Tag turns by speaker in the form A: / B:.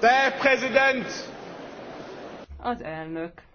A: Der Präsident!
B: Az elnök.